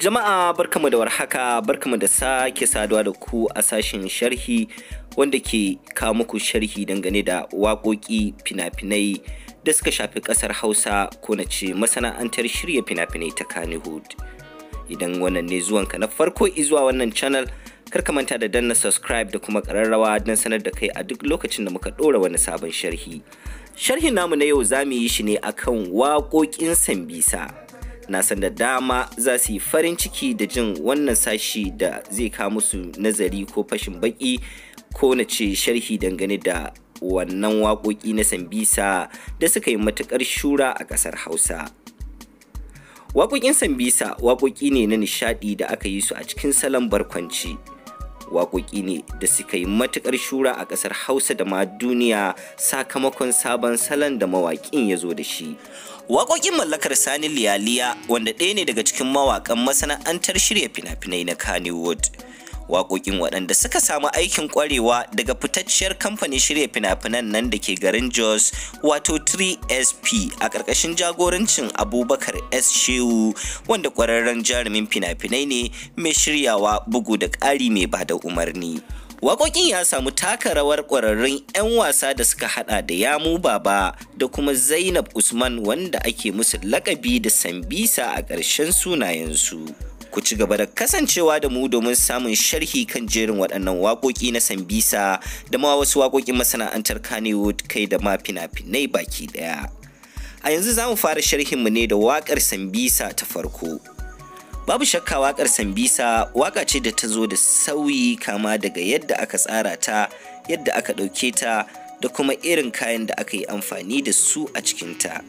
Jama'a barkamu da warhaka barkamu da sake saduwa da ku a sashen sharhi wanda ke kawo muku sharhi dangane da waƙoƙi fina-finai da suka shafi ƙasar Hausa ko na ce masana'antar shirya fina-finai ta Kanihud. Idan wannan ne zuwanka na farko izuwa wannan channel kar ka manta da danna subscribe da kuma ƙararrawa don sanar da kai a duk lokacin da muka ɗora wani sabon sharhi. Sharhin namu na yau za mu yi shi ne akan waƙoƙin Sambisa. na san da dama za su yi farin ciki da jin wannan sashi da zai kawo musu nazari ko fashin baki ko na ce sharhi dangane da wannan waƙoƙi na sambisa da suka yi matuƙar shura a ƙasar hausa waƙoƙin sambisa waƙoƙi ne na nishaɗi da aka yi su a cikin salon barkwanci waƙoƙi ne da suka yi matuƙar shura a ƙasar hausa da ma duniya sakamakon sabon salon da mawaƙin ya zo da shi Waƙoƙin mallakar Sani Liyaliya wanda ɗaya ne daga cikin mawaƙan masana'antar shirya fina-finai na Kannywood. Waƙoƙin waɗanda suka samu aikin ƙwarewa daga fitacciyar kamfanin shirya fina-finan nan da ke garin Jos wato 3SP a ƙarƙashin jagorancin Abubakar S. Shehu wanda ƙwararren jarumin fina-finai ne mai shiryawa bugu da ƙari mai bada umarni. Waƙoƙin ya samu taka rawar ƙwararrun 'yan wasa da suka haɗa da Yamu Baba da kuma Zainab Usman wanda ake musu lakabi da Sambisa a ƙarshen sunayensu. Ku ci gaba da kasancewa da mu domin samun sharhi kan jerin waɗannan waƙoƙi na Sambisa da ma wasu waƙoƙin masana'antar Kannywood kai da ma fina-finai baki ɗaya. A yanzu za mu fara sharhinmu ne da waƙar Sambisa ta farko. Babu shakka waƙar Sambisa waƙa ce da ta zo da sauyi kama daga yadda aka tsara ta, yadda aka ɗauke ta da kuma irin kayan da aka yi amfani da su a cikinta.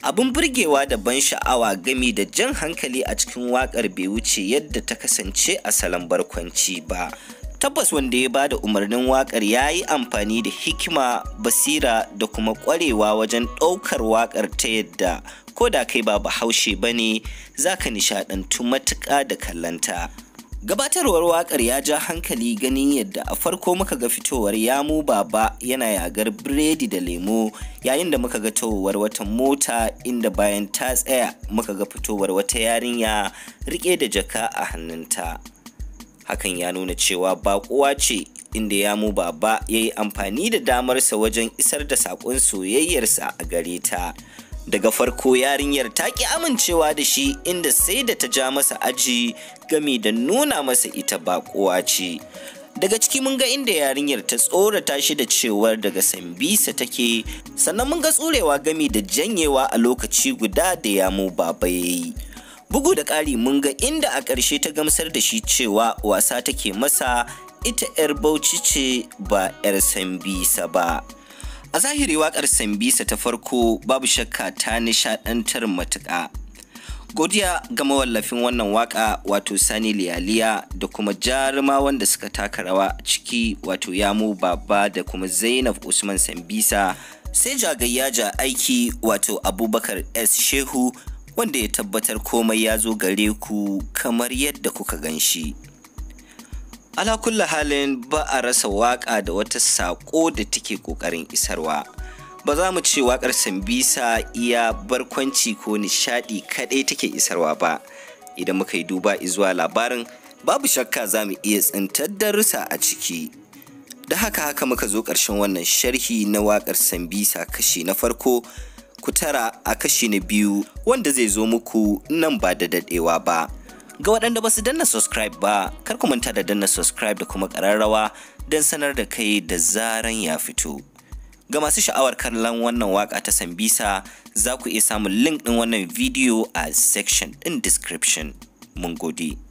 Abin burgewa da ban sha'awa gami da jan hankali a cikin waƙar bai wuce yadda ta kasance a salon barkwanci ba. tabbas wanda ya bada umarnin wakar ya yi amfani da hikima basira da kuma kwarewa wajen ɗaukar wakar ta yadda ko da kai ba bahaushe ba ne za ka nishaɗantu matuka da kallanta gabatarwar wakar ya ja hankali ganin yadda a farko muka ga fitowar yamu baba yana yagar biredi da lemo yayin da muka ga towar wata mota inda bayan ta tsaya muka ga fitowar wata yarinya riƙe da jaka a hannunta hakan ya nuna cewa ba ce inda ya mu baba ya yi amfani da damarsa wajen isar da saƙon soyayyarsa a gare ta daga farko yarinyar ta ƙi amincewa da shi inda sai da ta ja masa aji gami da nuna masa ita ba ce daga ciki mun ga inda yarinyar ta tsorata shi da cewar daga sambisa take sannan mun ga tsurewa gami da janyewa a lokaci guda da yamu baba ya yi Bugu da ƙari mun ga inda a ƙarshe ta gamsar da shi cewa wasa take masa ita 'yar bauchi ce ba 'yar sambisa ba. A zahiri waƙar sambisa ta farko babu shakka ta nishaɗantar matuƙa. Godiya ga mawallafin wannan waƙa wato Sani Liyaliya da kuma jaruma wanda suka taka rawa ciki wato Yamu Baba da kuma Zainab Usman Sambisa sai jagayya ja aiki wato Abubakar S. Shehu wanda ya tabbatar komai ya zo gare ku kamar yadda kuka gan shi. Alakulla halin ba a rasa waƙa da wata saƙo da take ƙoƙarin isarwa. Ba za mu ce waƙar Sambisa iya barkwanci ko nishaɗi kaɗai take isarwa ba. Idan muka yi duba zuwa labarin, babu shakka za mu iya tsintar darussa a ciki. Da haka haka muka zo ƙarshen wannan sharhi na waƙar Sambisa kashi na farko ku tara a kashi na biyu wanda zai zo muku nan ba da dadewa ba. Ga waɗanda ba su danna subscribe ba, kar ku manta da danna subscribe da kuma ƙararrawa don sanar da kai da zaran ya fito. Ga masu sha'awar kallon wannan waka ta Sambisa za ku iya samun link ɗin wannan bidiyo a section ɗin description. Mun gode.